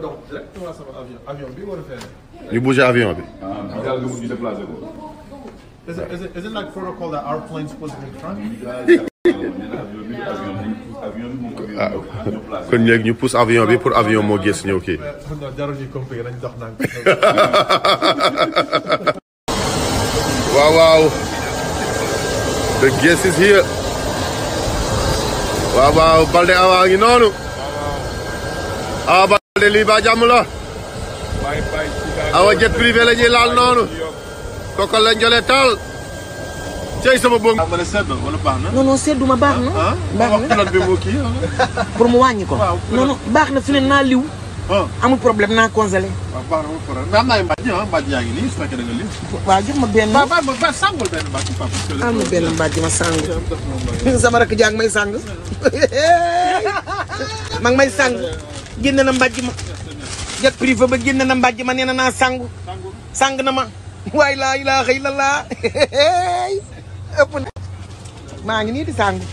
donc directement sama avion a ah, Is it, is it, is it like protocol that our plane's supposed to be front? ah kon léegi ñu pousse avion bi pour avion moo gis ñëw kii. waaw waaw. the guest is here. wow wow Balde Awa ngi noonu. le lii ba jàmm la awa jet privé la ñuy laal noonu kookal la njole taal cey sama bëgg ah, ma ne sedd wala baax na non non sedduma baax na ah, ah. baax na pilote bi moo kii pour mu wàññi ko non non baax na fi ne naa liw amul problème naa congelé waaw baax na amul problème am naa mbàjj ah mbàjj yaa ngi nii su fekkee da nga liw waaw jox ma benn ba ba ba sàngul benn mbàjj papa am na benn mbàjj ma sàng sama rakk jàng may sàng ma may sàng génn na mbàjj ma jet privé ba génn na mbàjj ma nee na naa sangu sang na ma waay laa ilaaha illallah ëpp na maa ngi nii di sangu